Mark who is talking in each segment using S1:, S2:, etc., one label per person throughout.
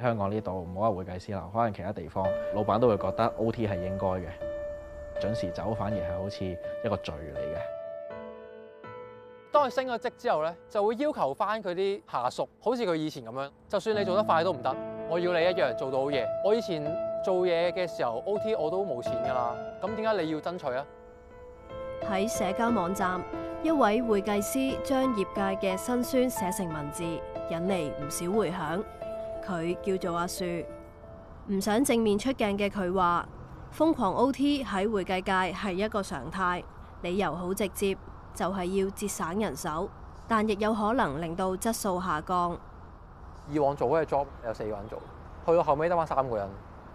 S1: 香港呢度唔好話會計師啦，可能其他地方老闆都會覺得 OT 係應該嘅，準時走反而係好似一個罪嚟嘅。
S2: 當佢升咗職之後呢，就會要求翻佢啲下屬，好似佢以前咁樣，就算你做得快都唔得，嗯、我要你一樣做到好夜。我以前做嘢嘅時候 OT 我都冇錢㗎啦，咁點解你要爭取啊？
S3: 喺社交網站，一位會計師將業界嘅辛酸寫成文字，引嚟唔少回響。佢叫做阿樹，唔想正面出鏡嘅佢話，瘋狂 OT 喺會計界係一個常態，理由好直接，就係要節省人手，但亦有可能令到質素下降。
S2: 以往做嗰個 job 有四個人做，去到後尾得翻三個人，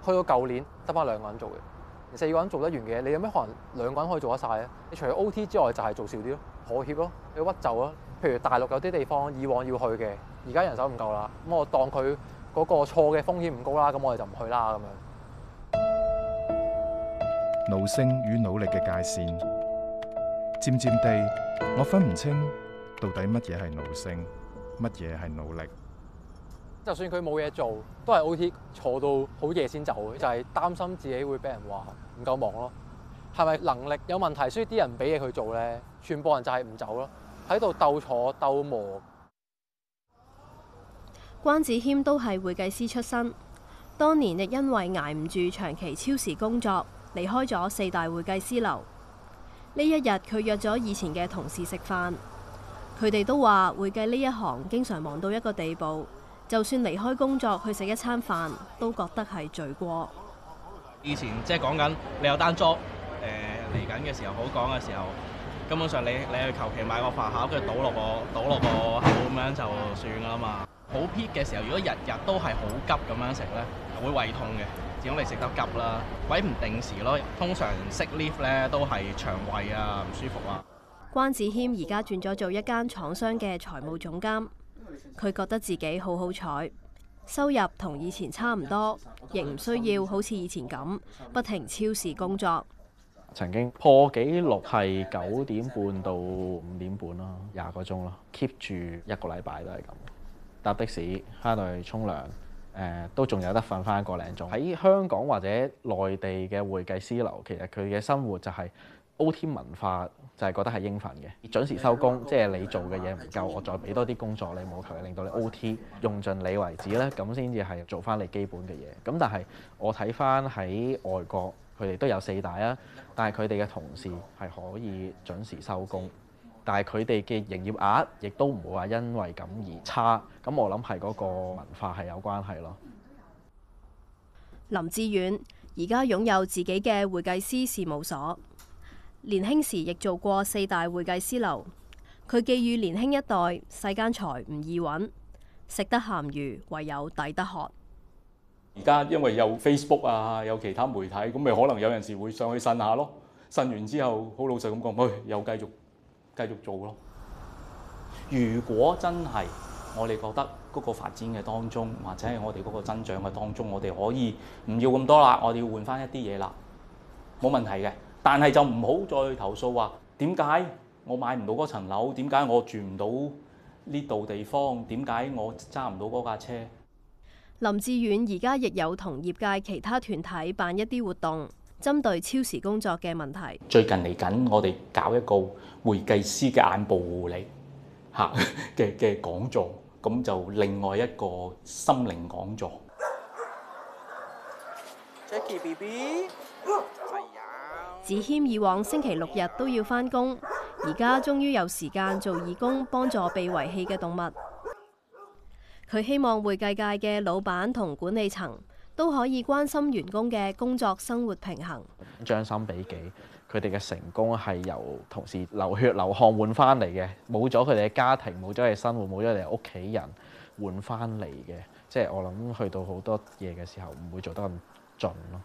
S2: 到去到舊年得翻兩個人做嘅，四個人做得完嘅，你有咩可能兩個人可以做得晒？你除咗 OT 之外，就係做少啲咯，妥協咯，你屈就咯。譬如大陸有啲地方，以往要去嘅，而家人手唔夠啦，咁我當佢。嗰個錯嘅風險唔高啦，咁我哋就唔去啦咁樣。
S4: 奴性與努力嘅界線，漸漸地，我分唔清到底乜嘢係奴性，乜嘢係努力。努
S2: 力，就算佢冇嘢做，都係 O T，坐到好夜先走，就係、是、擔心自己會俾人話唔夠忙咯。係咪能力有問題，所以啲人唔俾嘢佢做咧？全部人就係唔走咯，喺度鬥坐鬥磨。
S3: 關子謙都係會計師出身，當年亦因為挨唔住長期超時工作，離開咗四大會計師樓。呢一日佢約咗以前嘅同事食飯，佢哋都話會計呢一行經常忙到一個地步，就算離開工作去食一餐飯都覺得係罪過。
S4: 以前即係講
S1: 緊你有單 job 嚟緊嘅時候，好講嘅時候，根本上你你去求其買個飯盒，跟住倒落個倒落個口咁樣就算啦嘛。好 h 嘅時候，如果日日都係好急咁樣食咧，會胃痛嘅，只因你食得急啦，鬼唔定時咯。通常息 lift 咧都係腸胃啊唔舒服啊。
S3: 關子謙而家轉咗做一間廠商嘅財務總監，佢覺得自己好好彩，收入同以前差唔多，亦唔需要好似以前咁不停超時工作。
S1: 曾經破紀錄係九點半到五點半咯，廿個鐘咯，keep 住一個禮拜都係咁。搭的士翻到去沖涼，誒、呃、都仲有得瞓翻個零鐘。喺香港或者內地嘅會計師樓，其實佢嘅生活就係 O.T. 文化，就係、是、覺得係應份嘅，準時收工。即、就、係、是、你做嘅嘢唔夠，我再俾多啲工作你，冇求令到你 O.T. 用盡你為止呢，咁先至係做翻你基本嘅嘢。咁但係我睇翻喺外國，佢哋都有四大啊，但係佢哋嘅同事係可以準時收工。但係佢哋嘅營業額亦都唔會話因為咁而差，咁我諗係嗰個文化係有關係咯。
S3: 林志遠而家擁有自己嘅會計師事務所，年輕時亦做過四大會計師樓。佢寄語年輕一代：世間財唔易揾，食得鹹魚唯有抵得渴。
S4: 而家因為有 Facebook 啊，有其他媒體，咁咪可能有陣時會上去呻下咯。呻完之後，好老實咁講，喂、哎，又繼續。繼續做咯。如果真係我哋覺得嗰個發展嘅當中，或者係我哋嗰個增長嘅當中，我哋可以唔要咁多啦，我哋要換返一啲嘢啦，冇問題嘅。但係就唔好再投訴話點解我買唔到嗰層樓，點解我住唔到呢度地方，點解我揸唔到嗰架車。
S3: 林志遠而家亦有同業界其他團體辦一啲活動。針對超時工作嘅問題，
S4: 最近嚟緊我哋搞一個會計師嘅眼部護理嚇嘅嘅講座，咁就另外一個心靈講座。
S1: Jackie BB，係
S3: 啊！子謙以往星期六日都要返工，而家終於有時間做義工，幫助被遺棄嘅動物。佢希望會計界嘅老闆同管理層。都可以關心員工嘅工作生活平衡，
S1: 將心比己，佢哋嘅成功係由同事流血流汗換翻嚟嘅，冇咗佢哋嘅家庭，冇咗佢哋生活，冇咗佢哋屋企人換翻嚟嘅，即係我諗去到好多嘢嘅時候，唔會做得咁盡咯。